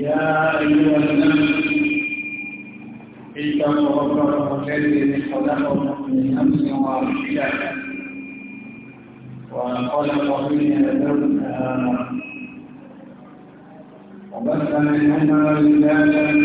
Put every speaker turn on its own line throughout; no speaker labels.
يا أيها الناس اتقوا ربكم الذي خلقكم من نفس واحدة وخلق منها زوجها وبث منهما رجالا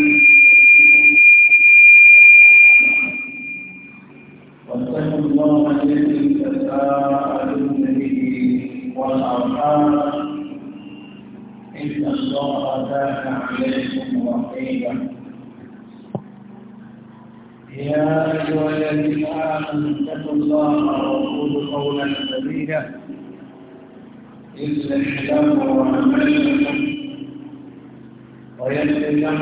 ويلزمه عمل ويلزمه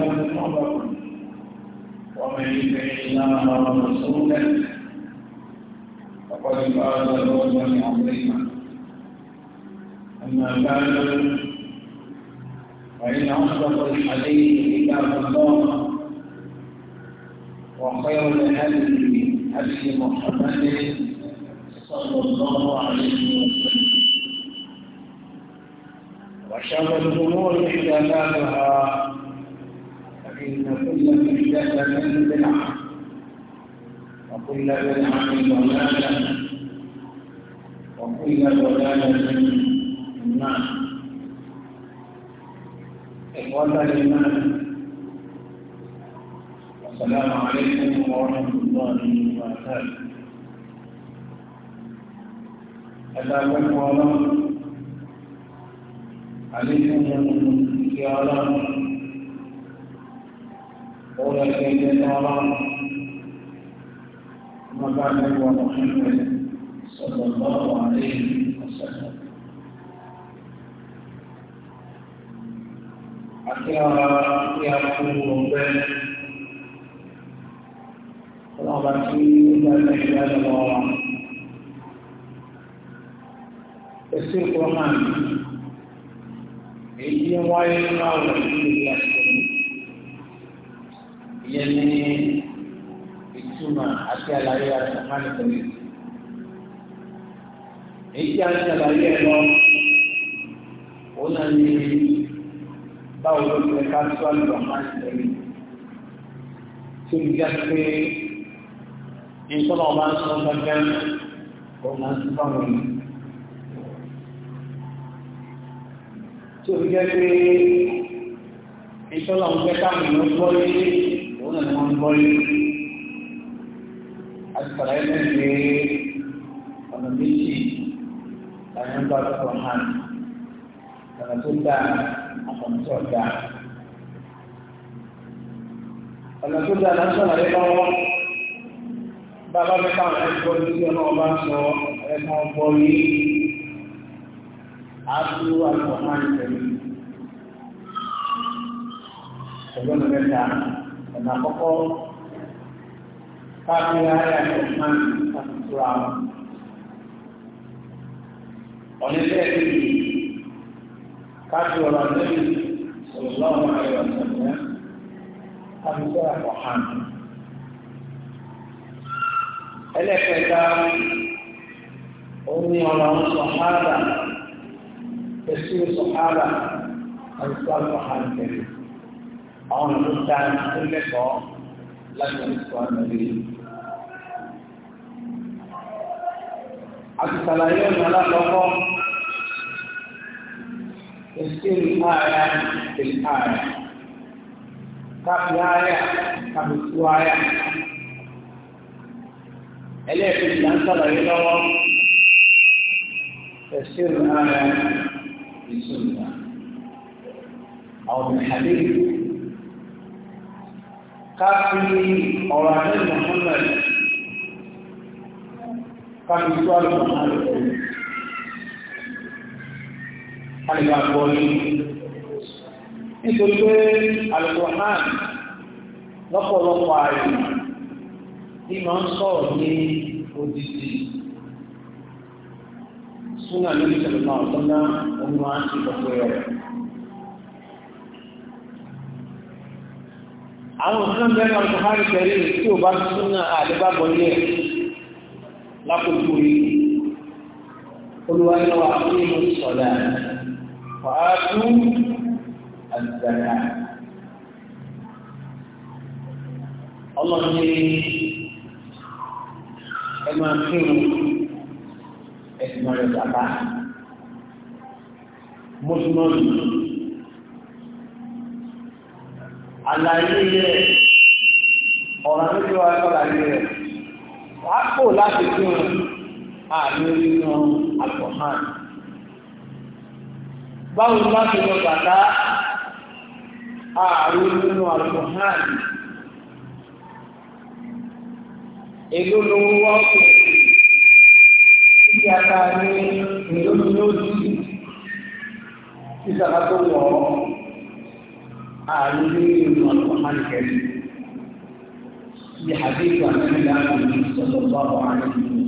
الله ورسوله فقد فاز فوزا عظيما اما بعد فان اصدق الحديث كتاب الله وخير الهدي هدي محمد صلى الله عليه وسلم شر الأمور محدثاتها فإن كل محدثة بدعة وكل بدعة ضلالة وكل ضلالة في النار إخوة الإيمان السلام عليكم ورحمة الله وبركاته. أتاكم الله عليكم زيارة أولى زيارة هو محمد صلى الله عليه وسلم يا أكرم يقول ربنا لا إله إلا الله السلك ومعنى èyí ń wáyé nínú àwọn ìlú ìlú àṣẹyìn ìyẹn ní ìtumọ̀ àti àlàyé àtàkùnrin pẹ̀lú èyí tí a ń ṣàlàyé ẹ lọ òun náà ní báwo ló ti ẹ̀ka tó àlùbọ̀ máa ń tẹ̀lé tó ń gbà pé nǹkan ọba ń sọ gbàgbà òun náà ń sọ fáwọn tó fi jẹ́ pé ìṣọ́lá ń fẹ́ káàmì ló gbọ́ yé òun náà ni wọ́n ń gbọ́ yé a ti sàlàyé mẹ́rin ọ̀nà méjì láyé ń bá tó hàn ọ̀nà tó dáa àtọ̀nà tó ọ̀nà tó dáa náà sọ̀rọ̀ yẹn lọ́wọ́ bàbá mi káwọn gbọ́ yé tí ọlọ́wọ́ ń sọ ẹ̀ máa gbọ́ yé. àásù àlùfáàní tẹ̀lé ọgbọ́n mẹ́ta ọ̀nà àkọ́kọ́ káàkiri ayé àlùfáàní àtúntò àwọn ọ̀nà ilé ẹ̀kẹ́ yìí káàkiri ọ̀rọ̀ àtẹ́lẹ̀ sọ̀rọ̀láwọ̀ ayé ọ̀sẹ̀ àtúntò àkọ́hánì ẹlẹ́kẹ̀ẹ́ta ó ní تفسير الصحابة أنصار الصحابة الكريم أو المستعان كل لقاء لم يذكر النبي
الثلاثين على لقاء
تفسير الآية بالآية كم آية كم سواية إليه في الأنصار الكريم تفسير الآية بسنة أو بحديث كافي أو محمد كافي سؤال محمد هل súnà lórí ìṣẹ̀lẹ̀ náà tó ná òun máa ń ṣe gbogbo rẹ̀. àwọn òṣìṣẹ́ bẹ́ẹ̀ náà buhari tẹ̀lé tí ò bá súnà àdébàbọ̀ ní ẹ̀ lákòókò yìí olùwàlúwà nínú sọ̀dà wàásù àgbàdà. ọlọ́ni ẹ máa kírun wọ́n yọ bàbá mọ́tòmọ́tò àlàyé rẹ̀ ọ̀rọ̀ méjì wá sọ́làyé rẹ̀ wàá kò láti kí wọn àmì nínú àgbọ̀hán báwo láti lọ bàbá ààrùn nínú àgbọ̀hán èlò lówó wọ́pọ̀ kí ata ní èlò ní lójú títà bá tó wọ̀ ọ́ ààrùn ní ìlú ọ̀sán máa ń kẹ́lí. بحديث عن النبي صلى الله عليه وسلم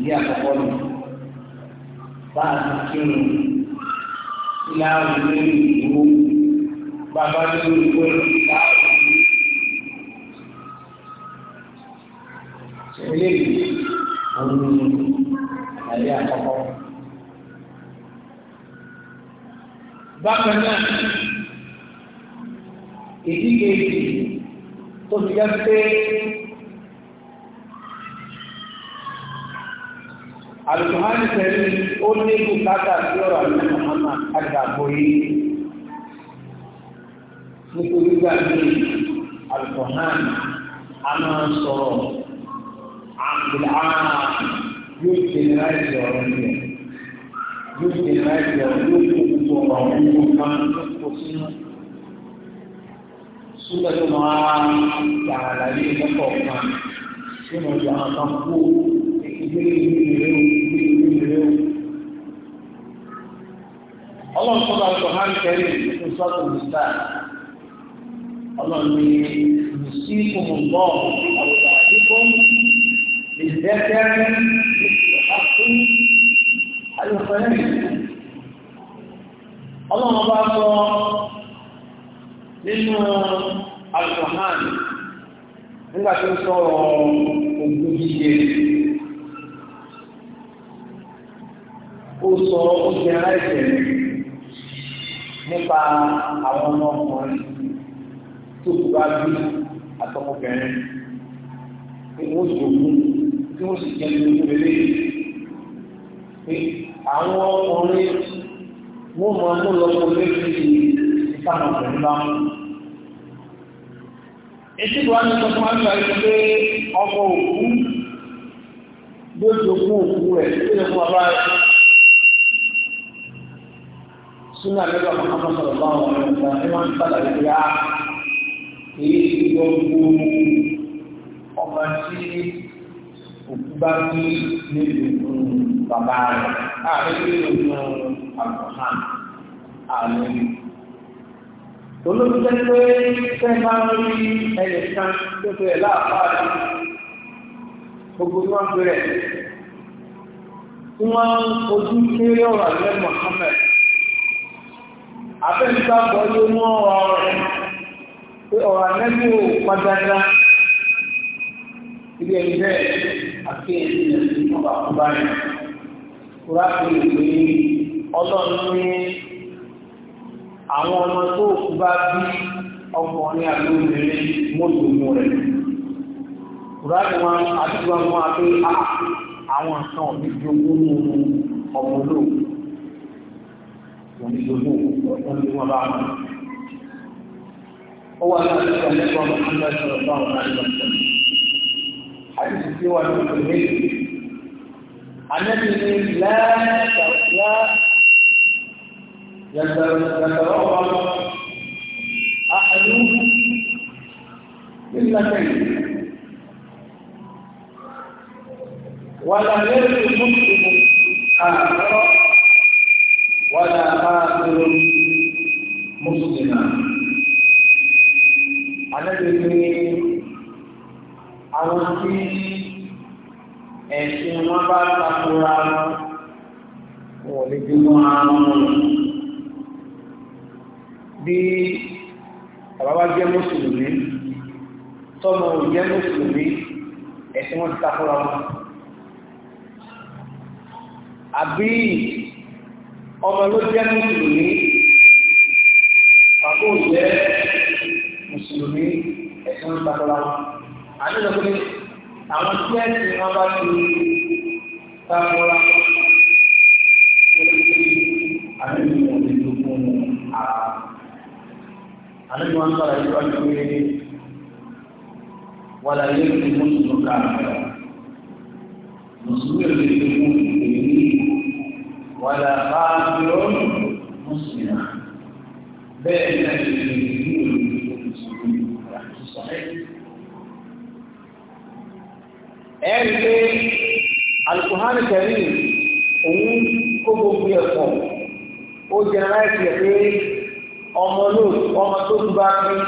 ìyá àkọ́kọ́ mi bá a ti kírun ilé àwọn ìlú ìlú bàbá tó ń gbé eléyìí wọn ní àlẹ àkọ́kọ́. bákan náà ìdí kejì tó ti yá pé alùpùpù tẹ̀lé ó ní bùkátà sí ọ̀rọ̀ àmì ọ̀hánà àgbàgbọ́ yìí nítorí gbàgbé alùpùpù a sọ̀rọ̀ ìlànà yóò jẹnẹráìtì ọ̀rọ̀ rẹ̀ yóò ọrụ ọ̀rọ̀ yóò kó gbogbo ọ̀rọ̀ ọ̀hún ló máa ń kó sínú. Súgbà tó máa ń gbà àlàyé lọ́pọ̀ nìta. Ọlọ́run àwọn للذكر مثل حق الخليل الله بارك nínú alùpàmán nígbà tó ń sọ̀rọ̀ ogun jíjẹ ó sọ oúnjẹ aláìsẹ̀ nípa àwọn tí wọ́n sì jẹ́ nínú ìwé pé àwọn ọkùnrin wọ́n mọ ọmọ lọ́kọ̀ lẹ́sí ìfàmà pẹ̀lú bá Etí ìwà ní sọ fún àgbà yìí pé ọkọ̀ òkú lójú ogún òkú rẹ̀ tí ó fún ọba rẹ̀. Súnà lẹ́gbà Mọ́hámọ́ sọ̀rọ̀ bá wọn ọ̀rẹ́ ìgbà tí wọ́n ń padà lè yá èyí ti gbọ́ gbogbo ọmọ tí òkú bá ní nílùú bàbá rẹ̀ àárín nílùú àbùhàn àárín. olóòtú pé fẹ́ máa ń rí ẹnìkan tó fẹ́ láàbáàdì gbogbo tí wọ́n fẹ́ rẹ̀ tí wọ́n ojú kéré ọ̀rọ̀ àlẹ́ Mohammed àfẹ́ǹtàbọ̀ ló mú ọ̀rọ̀ rẹ̀ pé ọ̀rọ̀ àlẹ́ kò padà dá ilé ẹni bẹ́ẹ̀ àkéèsí rẹ̀ sí ọba àkúbá rẹ̀. Kúrákì rẹ̀ pé ọlọ́run ní àwọn ọmọ tó kú bá bí ọkùnrin àti obìnrin mọ́tòmọ́ rẹ̀. Kúrákì wọn àdúgbò wọn pé àwọn kan ní jogún ní ọmọ olóògùn. Wọ́n ní jogún ọ̀pọ̀ ní wọn bá wọn. هو الذي كلفه محمد صلى àti tí wà ní ìlú méjì anẹ́bí ní láàrín yàtọ̀rọ̀ wọn àánú nílànà yìí wà láàrín mùsùlùmí àwọn tí ẹ̀sìn wọn bá takora wọn lè dúró àwọn bí àbábá jẹ́ mùsùlùmí tọ́mọ jẹ́ mùsùlùmí ẹ̀sìn wọn ti takora wọn àbí ọmọ ló jẹ́ mùsùlùmí pàkó jẹ́ mùsùlùmí ẹ̀sìn wọn ti takora wọn àdúgbò pé àwọn tí ẹ̀sìn wọn bá ti sáfọ́ra àdúgbò wọn ti tó fún ara àdúgbò wọn sọ̀rọ̀ yìí wọ́n ti pé wọ́n lè lè fi mú ìlú káàkiri mùsùlùmí lè fi mú ìlú wọ́n lè bá a fi ọ́nù mùsùlùmí bẹ́ẹ̀ ni ẹ̀rí pé alukuhani kẹrí òun kó gbogbo ẹ̀kọ́ ó jẹrẹ láìsí ẹ̀ pé ọmọ lóòtú ọmọ tó tún bá pín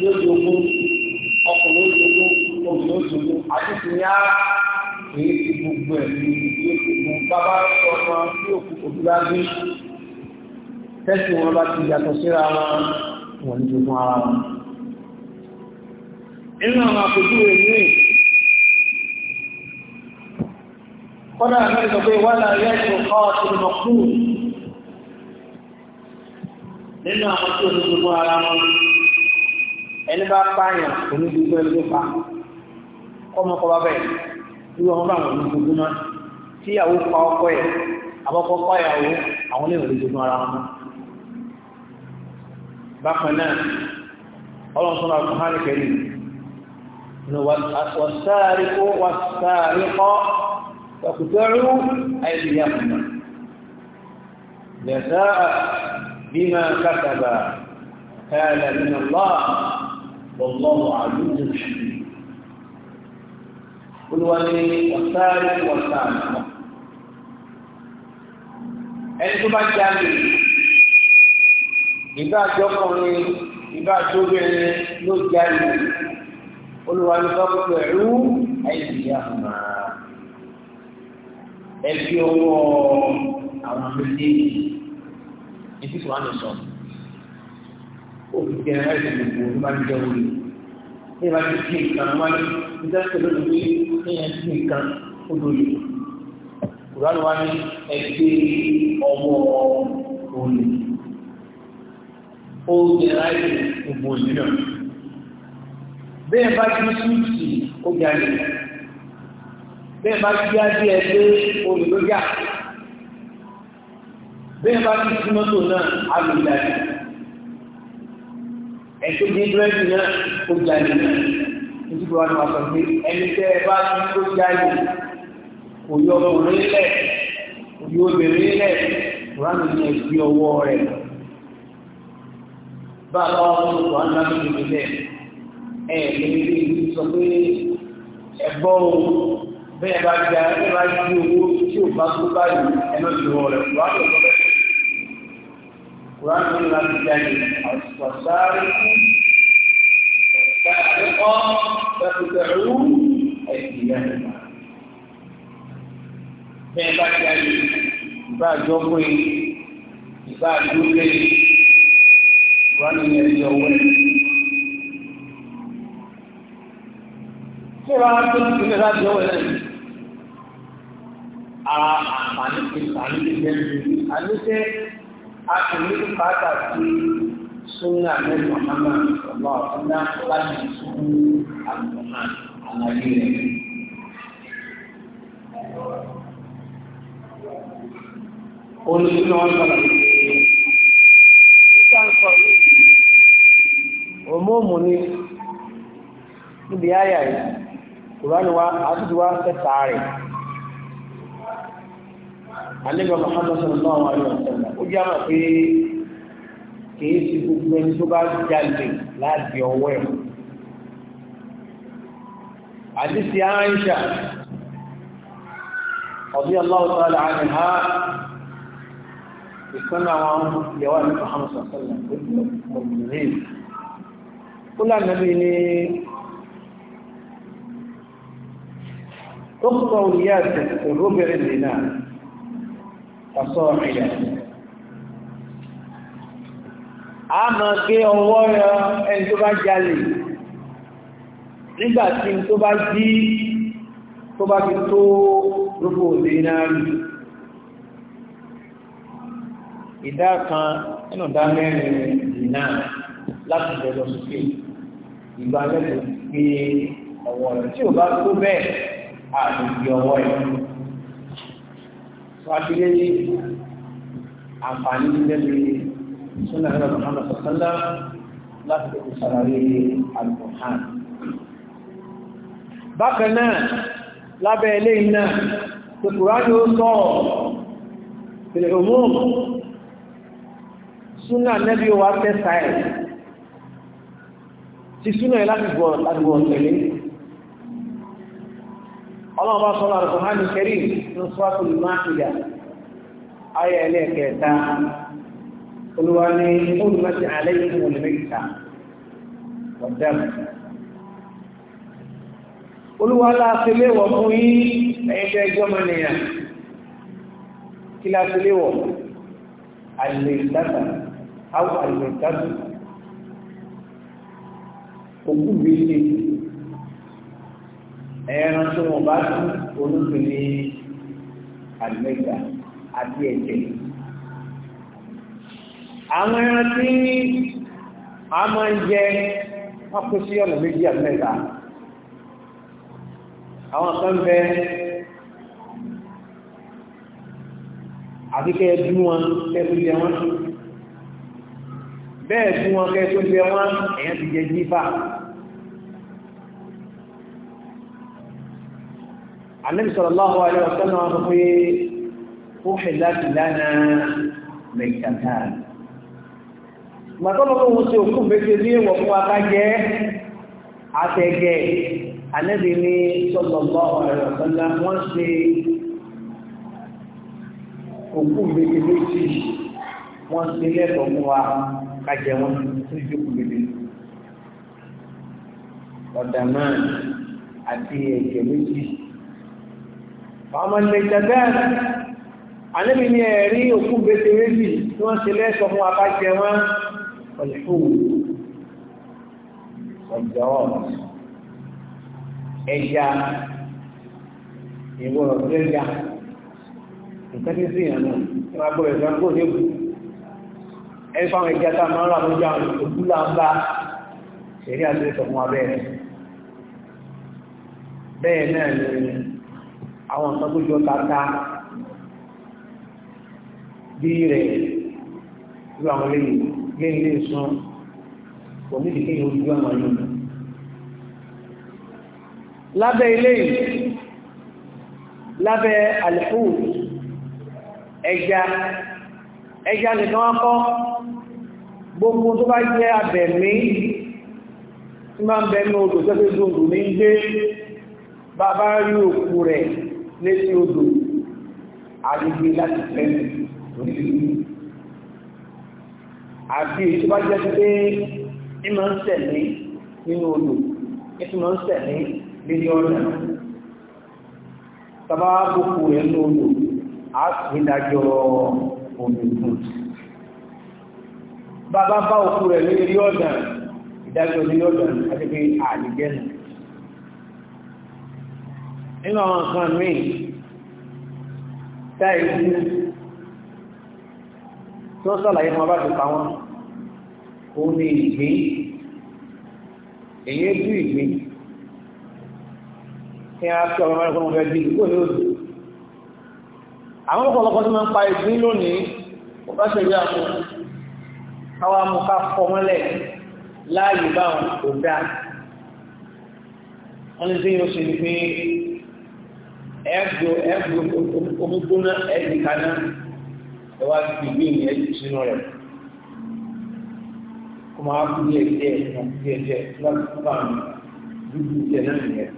yóò jogún ọkùnrin yóò jogún obìnrin yóò jogún àti ìsinmi á èyí ti gbogbo ẹ̀ ní ìdílé gbogbo bàbá ọmọ tí òkú òbí bá gbé tẹ́sí wọn bá ti yàtọ̀ síra wọn wọ̀n ní jogún ara wọn. nínú àwọn àpèjúwe míì kọ́nà àmẹ́rin sọ pé wà láàrin ẹ̀sùn káàtì lọ́kù nínú àwọn tí òní gbogbo ara wọn ẹni bá pààyàn òní gbogbo ẹni ló pa kọ́mọ kọ́ bá bẹ̀ tí wọ́n bá wọn ní gbogbo náà tí ìyàwó pa ọkọ ẹ̀ àbọ̀kọ́ pa àwọn ní òní gbogbo ara wọn. bákan náà ọlọ́run sọ́nà àkùnrin kẹrin ni وقطعوا أيديهما جزاء بما كتب كان من الله والله عزيز حكيم قل ولي والسارق والسارقة أنتم الجميع ìbá àjọkùnrin ìbá àjọbìnrin ló jáde olùwàlúwà pẹ̀lú àìsíyá máa ẹbí owó àwọn méjèèjì etí tó wà ní sọ òfìsì ẹ̀rọ ẹ̀sìn gbogbo tó bá ń jẹ́ wọlé ní ìbá ti fi nǹkan wáyé nígbà tó lónìí pé kéèyàn ti nǹkan ó lóye kùránù wá ní ẹgbẹ́ ọmọ òní ó jẹ́ láì gbogbo ìlú náà bẹ́ẹ̀ bá ti ní súwìtì ó jẹ́ àlejò bẹ́ẹ̀ bá ti dá díẹ̀ dé olùlójà bẹ́ẹ̀ bá ti sí mọ́tò náà alùjáde ẹ̀tọ́ di dúrẹ́dì náà ó jáde náà nítorí wọn máa sọ pé ẹni tẹ́ ẹ bá ti tó jáde kò yọ ọkùnrin lẹ̀ kò yọ obìnrin lẹ̀ kùránù ní ọwọ́ rẹ̀ bá a bá wọn fún kùránù láti lè rí i sọ pé ẹ̀gbọ́n bẹ́ẹ̀ bá gba ẹ bá yí owó tí ò bá tó báyìí ẹnu ìwọ rẹ̀ wà á lọ́wọ́ bẹ́ẹ̀. Kùránì ńlá ti jáde àṣàṣàrí kú kọ́ pẹ̀lú ẹ̀sìn yẹn. Bẹ́ẹ̀ bá jáde ìbá àjọpọ̀ yìí ìbá àdúgbò yìí Kùránì yẹn yọ wẹ́ẹ̀. Ṣé wàá tó ti fi lè láti ọwọ́ ẹ̀ lẹ́yìn? ara àǹfààní ti àǹfààní ti bẹ́ẹ̀ lórí àdúgbò àtúndì pàtà sí súnà mẹ́rin ọ̀nàmà ọ̀gbà ọ̀nà láti sún àgbọ̀nà àlàyé rẹ̀. Olùdíje wọn sọ̀rọ̀
sísàǹsọ̀
òmóòmù ni níbi ayà yìí kùránì wa àtúntò rẹ̀
alẹ́gbẹ̀ Muhammad sallallahu alaihi wa sallam ó jẹ́ àmà pé
kìí ṣe gbogbo ẹni tó bá jalè láti ọwọ́ ẹ̀ àdìsí Aisha radiyallahu ta'ala anha ìkànnà àwọn ìyàwó àti Muhammad sallallahu alaihi wa sallam ọ̀gbìnrin kúlànà bíi ní تقطع الياس الربع الدينار fasọ́ọ̀rìyà a máa gé ọwọ́ ẹni tó bá jalè nígbàtí tó bá jí tó bá fi tó rúgbò dínárì ìdá kan ẹnu dá mẹ́rin dínà láti bẹ̀rẹ̀ sókè ìgbà mẹ́rin gbé ọwọ́ rẹ̀ tí ò bá tó bẹ́ẹ̀ àti ìgbì ọwọ́ rẹ̀ fàbílẹ̀ ní àǹfààní lẹ́nu súnà ẹ̀rọ Muhammad sọ̀tọ́lá láti kò sàràrí alùpùpù bákan náà lábẹ́ ilé iná tó kùránì ó sọ̀rọ̀ ìrìn òmùn súnà nẹ́bí wa tẹ́sà ẹ̀ ti súnà ẹ̀ láti gbọ́ tẹ̀lé ọlọ́run bá sọ́lọ́ alùpùpù kẹrí ní sọ́ọ̀tù máàkìlá ayé ẹlẹ́ẹ̀kẹta olúwa ní olùmọ̀sí àlẹ́yìn olùmẹ́ta ọ̀dẹ́m olúwa láàfilé wọ̀ fún yí ẹ̀yẹ́fẹ́ jọ́mọ̀nìyàn kí láàfilé wọ̀ àlèkátà áwọ̀ àlèkátà ẹran tó wọn bá tú olóògùn ní àlùmẹ́gbà àti ẹ̀jẹ̀. àwọn ẹran tí a máa ń jẹ wọ́n kó sí ọ̀nà méjì àlùmẹ́gbà àwọn kan bẹ àfikẹ́ bí wọn kẹ́tù jẹ wọn bẹ́ẹ̀ bí wọn kẹ́tù jẹ wọn èèyàn ti jẹ jífà. النبي صلى الله عليه وسلم أحلت لنا ميتتان ما طلب موسى يكون بكثير وقوة كاجة àtẹ̀gẹ̀ Ànábì ní sallallahu alaihi wasallam wọ́n ṣe òkú gbèdé méjì wọ́n ṣe lẹ́tọ̀ mú wa kájẹ wọn tó jù kú gbèdé ọ̀dà náà àti ẹ̀jẹ̀ méjì fàmọ́ lè jẹ́bẹ́ àníbi ní ẹ̀rí òkú bẹ́tẹ̀ méjì tí wọ́n ṣe lẹ́sọ fún abájẹ wọn ọ̀lẹ́fòwò ọ̀jọ́ ẹja ìwọ̀n ọ̀dọ́ ẹja nǹkan tí sí ìyànà tí wọ́n gbọ́dọ̀ ìjọba kó dé kù bẹ́ẹ̀ náà ni àwọn nǹkan tó jọ tata bí rẹ̀ irú àwọn eléyìí lẹ́yìn lè sun kò ní ìdíkẹ́ yìí ojú àwọn yìí. lábẹ́ eléyìí lábẹ́ àlùkù ẹja ẹja nìkan wá kọ́ gbogbo tó bá jẹ́ abẹ̀mí tí máa ń bẹ̀mí odò tẹ́tẹ́ tó ń dùn ní gbé bàbá rí òkú rẹ̀ létí odò àgbègbè láti tẹ́lẹ̀ lórílẹ̀ àti èyí bá jẹ́ pé ní máa ń tẹ̀lé nínú odò ní tí máa ń tẹ̀lé nínú ọ̀nà tàbá gbogbo rẹ̀ ní odò a sì dájọ́ omi fún bàbá bá òkú rẹ̀ lórí ọ̀nà ìdájọ́ lórí ọ̀nà àti pé àdìgẹ́nù nínú àwọn nǹkan míì táì sí tí wọ́n sàlàyé wọn bá ti pa wọn òun ni ìgbín èyí tú ìgbín kí a fi ọmọ mẹ́rin fún ọmọ ẹgbẹ́ ìgbó ní òdò àwọn ọ̀pọ̀lọpọ̀ tí wọ́n ń pa ìgbín lónìí kò bá ṣe rí àwọn káwá mú ká mọ́lẹ̀ láàyè báwọn kò dáa wọ́n ní sí yóò ṣe ní pé ẹgbò ẹgbò omígbóná ẹgbì kaná ẹwà ti gbé ní ẹgbì sínú rẹ̀ kó máa kú díẹ̀ díẹ̀ náà díẹ̀ díẹ̀ láti fà mí dúdú díẹ̀ náà nìyẹn.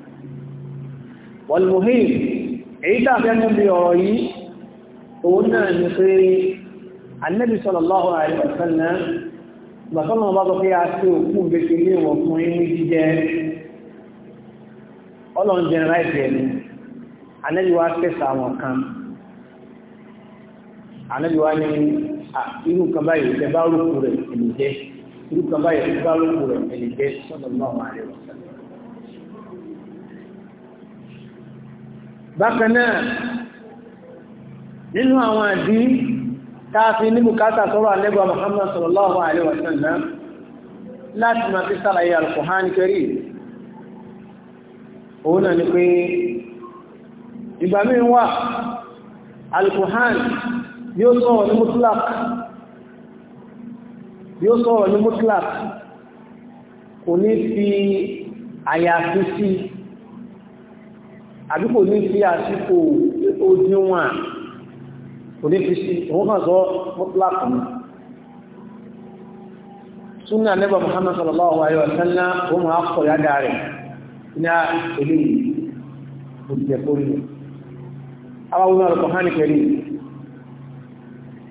wàlúhìn èyí tá a fẹ́ mú bí ọ̀rọ̀ yìí òun náà ní pé annabi sallallahu alaihi wa sallam gbàtọ́nà bá sọ pé a ṣe òkú gbèsè ilé ìwọ̀n fún yín ní jíjẹ ọlọ́run jẹnẹráìtì ẹni Ànábì wa tẹ́sà àwọn kan Ànábì wa ní irú kan báyìí tẹ bá rúkú rẹ̀ ẹni jẹ́ irú kan báyìí tẹ bá rúkú rẹ̀ ẹni jẹ́ sallallahu alaihi wasallam bákan náà nínú àwọn àdí káàfin ní láti máa fi sàlàyé Al-Qur'an òun náà ni pé ìgbà míì wà alkuhan yóò sọ̀rọ̀ ní mutlak yóò sọ̀rọ̀ ní mutlak kò ní fi àyàfi sí àbí kò ní fi àsìkò òdíwọ̀n kò ní fi sí òun kàn sọ mutlak ní súnà nẹ́bà Muhammad sallallahu alayhi wa sallam òun àkọ̀yádà rẹ̀ ní eléyìí kò àwọn Al-Qur'ani Karim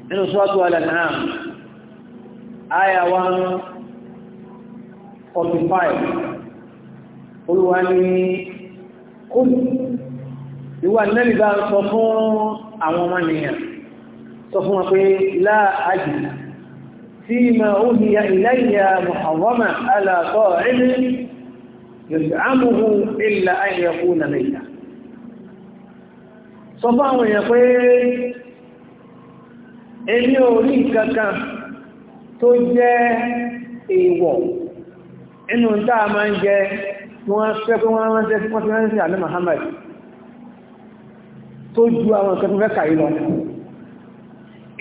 nínú sọ́tù Al-An'am àyà 145 olúwa ní kún ìwà nẹ́lì bá sọ fún àwọn ọmọ nìyàn sọ fún wọn pé láàájì tí ma ó ní ilayya muharrama ala ta'im yut'amuhu illa an yakuna mayta sọ fáwọn èèyàn pé èmi ò rí kankan tó jẹ́ èèwọ̀ inú tá a máa ń jẹ wọ́n fẹ́ pé wọ́n ránṣẹ́ tí wọ́n ti ránṣẹ́ àlẹ́ Muhammad tó ju àwọn ìkẹ́kùn fẹ́ kàí lọ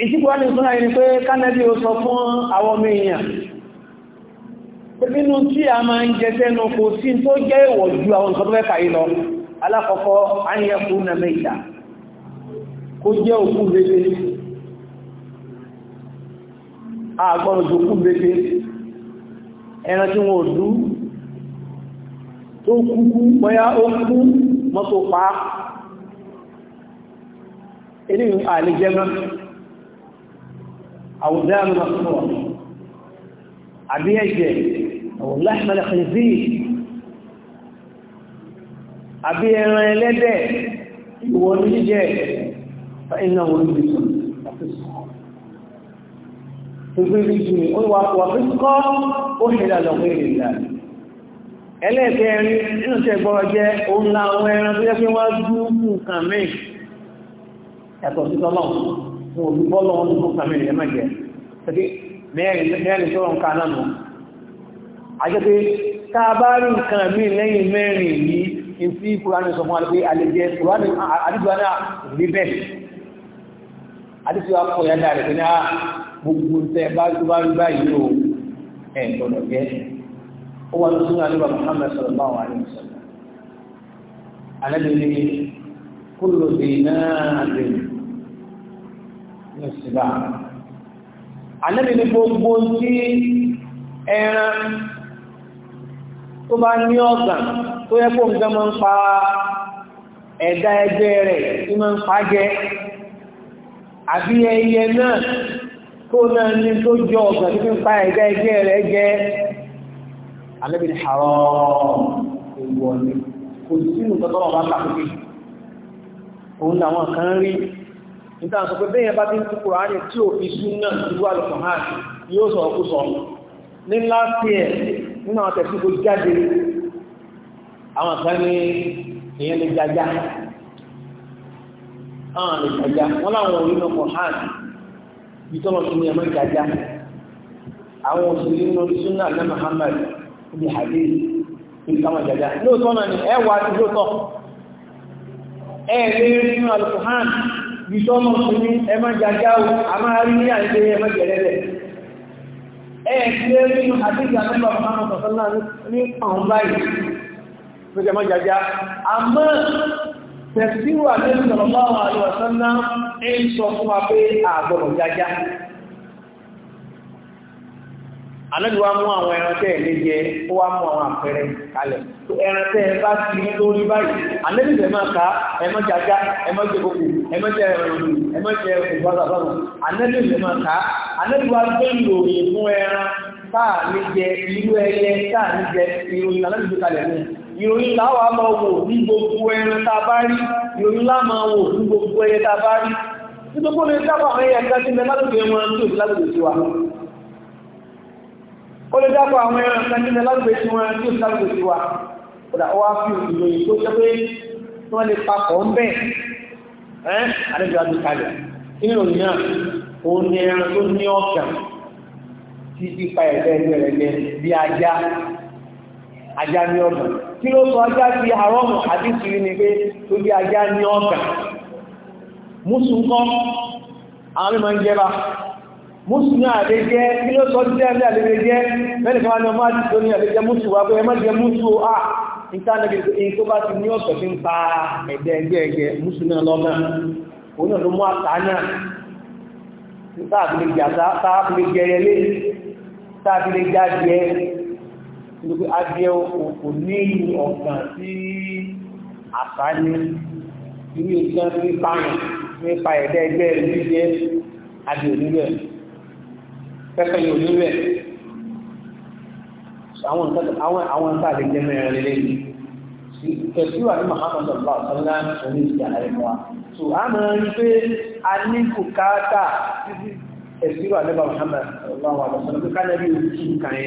ìsìnkú wá ní ìsúnlá yìí ni pé kánẹ́bí ó sọ fún àwọn ọmọ èèyàn nínú tí a máa ń jẹ sẹ́nu kò sí tó jẹ́ ìwọ̀ ju àwọn ìkẹ́kùn fẹ́ kàí lọ alákọ̀ọ́kọ́ ayẹ́kùn nàmẹ́ ìdá kó jẹ́ òkú lédé àgbọ̀rọ̀ tó kú lédé ẹran tí wọ́n dú tó kúkú bọ́yá ó kú mọ́tò pa ilé àlejẹ́mọ́ àwùdáàmù lọ́sọ̀rọ̀ àbí ẹ̀jẹ̀ àwùláhìmọ̀lẹ̀ kìí àbí ẹran ẹlẹ́dẹ̀ ìwọ̀n jíjẹ́ فإنه رجس وفسق تبرجني وفسقا أحل لغير الله ẹlẹ́ẹ̀kẹ́rin nínú tẹ́gbọ́rọ̀ jẹ́ òun láwọn ẹran tó yẹ́ pé wọ́n dúkù nǹkan mẹ́rin ẹ̀tọ̀ sí tọ́lọ̀ fún olùbọ́lọ̀ wọn dúkù nǹkan mẹ́rin ẹ̀mẹ́ jẹ́ tẹ́bí mẹ́rin bá rí nǹkan mẹ́rin lẹ́yìn mẹ́rin yìí in tí kúránì sọ fún kúránì àdúgbò náà rí bẹ́ẹ̀ àdìsí wa kọ̀ yàtọ̀ rẹ̀ ní ah, gbogbo tẹ bá tó bá rí báyìí o ẹ̀ gbọ́dọ̀ jẹ́ ó wà lóṣù náà nígbà Muhammad sallallahu alaihi wasallam alábi ni kúlò dè náà dè ní ìsìlá alábi ni gbogbo tí ẹran tó bá ní ọ̀gàn tó yẹ kó nǹkan máa ń pa ẹ̀dá ẹgbẹ́ rẹ̀ tí máa ń pa jẹ́ àbí ẹyẹ náà kó náà ní tó jọ ọ̀gbọ̀n tó fi ń pa ẹ̀gá ẹgbẹ́ rẹ̀ jẹ́ alẹ́bìnrin àrọ́ ewu ọ̀lẹ́ kò sínú tọ́tọ́rọ̀ bá pàtàkì òun làwọn kan rí níta sọ pé bẹ́yẹn bá ti ń kúkúrò á ní tí ò fi sún náà ti wà lọ́kàn hàn yóò sọ ọkú sọ ní láti ẹ̀ nínú àwọn tẹ̀síkò àwọn ìtajà wọ́n láwọn orin ọkọ̀ hàn bí sí ní ẹmọ́ ìtajà àwọn òṣèré nínú súnà ní Muhammad ibi hàdí ibi káwọn ìtajà lóòótọ́ náà ni ẹ wà á nínú sí ní ẹmọ́ ìtajà o a tẹ̀síwò àtẹ́sí sallallahu alaihi wasallam ń sọ fún wa pé àgbọ̀rọ̀ jájá àlẹ́bíwá mú àwọn ẹran tẹ́ lè jẹ ó wá mú àwọn àpẹẹrẹ kalẹ̀ ẹran tẹ́ bá ti ní lórí báyìí àlẹ́bíwá máa ká ẹmọ́ jájá ẹmọ́ jẹ gbogbo ẹmọ́ jẹ ẹran ẹmọ́ jẹ ìgbàgbàgbà àlẹ́bíwá máa ká àlẹ́bíwá gbé ìròyìn fún ẹran táà ní jẹ irú ẹyẹ táà ní jẹ ìròyìn àlẹ́bíwá kalẹ̀ fún ìròyìn láwà máa wò ní gbogbo ẹran tá a bá rí ìròyìn lá máa wò ní gbogbo ẹyẹ tá a bá rí nítorí kó lè dábọ̀ àwọn ẹyẹ ẹ̀ka sí mẹ́lágbègbè wọn tó ti lágbègbè sí wa ó lè dábọ̀ àwọn ẹyẹ ẹ̀ka sí mẹ́lágbègbè sí wọn tó ti lágbègbè sí wa kódà ó wá fi ìròyìn tó jẹ́ pé wọ́n lè papọ̀ ń bẹ̀ ẹ́ àdébí wa ti kalẹ̀ nínú ìròyìn náà òun ní ọ̀kà títí pa ẹ̀gbẹ́ ẹgbẹ́ rẹ̀ bí ajá ajá ọ̀gbọ̀n tí ó sọ ajá ti àrọ́mù àdísù yìí ni pé tó bí ajá ní ọ̀gà múṣù ń kọ́ àwọn mímọ̀ ń jẹba múṣù ní àdé jẹ́ kí ló sọ jẹ́ ní àdé jẹ́ mẹ́lẹ̀kan ní ọmọ àti tó ní àdé jẹ́ múṣù wà pé ẹ má jẹ múṣù à ìtànàbí èyí tó bá ti ní nígbé adé òkò ní ọ̀gàn tí àṣà ní irú ìgbà tí pààyàn nípa ẹ̀dẹ́ ẹgbẹ́ ìgbẹ́ adé onílẹ̀ pẹ́pẹ́ yóò nílẹ̀ àwọn nǹkan tá a lè jẹ́ mẹ́rin lélẹ́yìn tẹ̀sí wà ní Muhammad ọ̀gbà ọ̀sánlá orí ìjà àìmọ́wà so a mọ̀ rí pé a ní bùkátà títí tẹ̀sí wà ní Muhammad ọ̀gbà ọ̀sánlá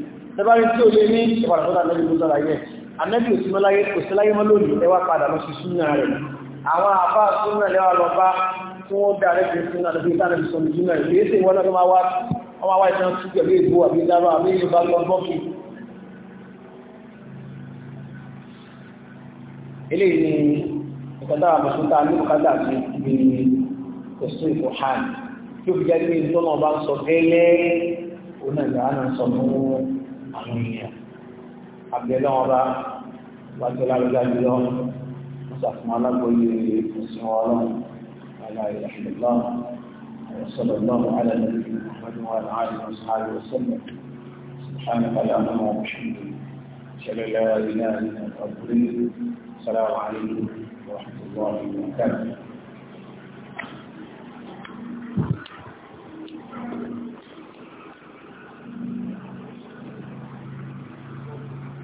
tẹbárí tí ó lé ní ìpàdàkọ́dà lẹ́bí tó sára yẹ anẹ́bí ò símọ́ láyé kò sí láyé mọ́ lónìí ẹwà padà lọ sí súnà rẹ̀ àwọn àbá súnà lẹ́wà lọ bá tí wọ́n dá rẹ̀ fún súnà lọ́bí tá lẹ́bí sọ̀rọ̀ súnà rẹ̀ èyí sì wọ́n lọ́dọ́ máa wá ọmọ wá ìtàn sí pẹ̀lú ìbò àbí ìdára àbí ìbá lọ bọ́ọ̀kì eléyìí ni ìkọ̀dá àmọ̀súnta ní bùkátà sí ibi ẹ̀sùn ìfòhàn àwọn èèyàn àbẹ̀lẹ̀ ọba wájú lágbàá jùlọ wọ́n sàfihàn alágbóyè ìsìn ọlọ́run aláì àṣìlọ́ وصلى الله على نبينا محمد وعلى اله وصحبه وسلم سبحانك اللهم وبحمدك اشهد ان لا اله الا السلام عليكم ورحمه الله وبركاته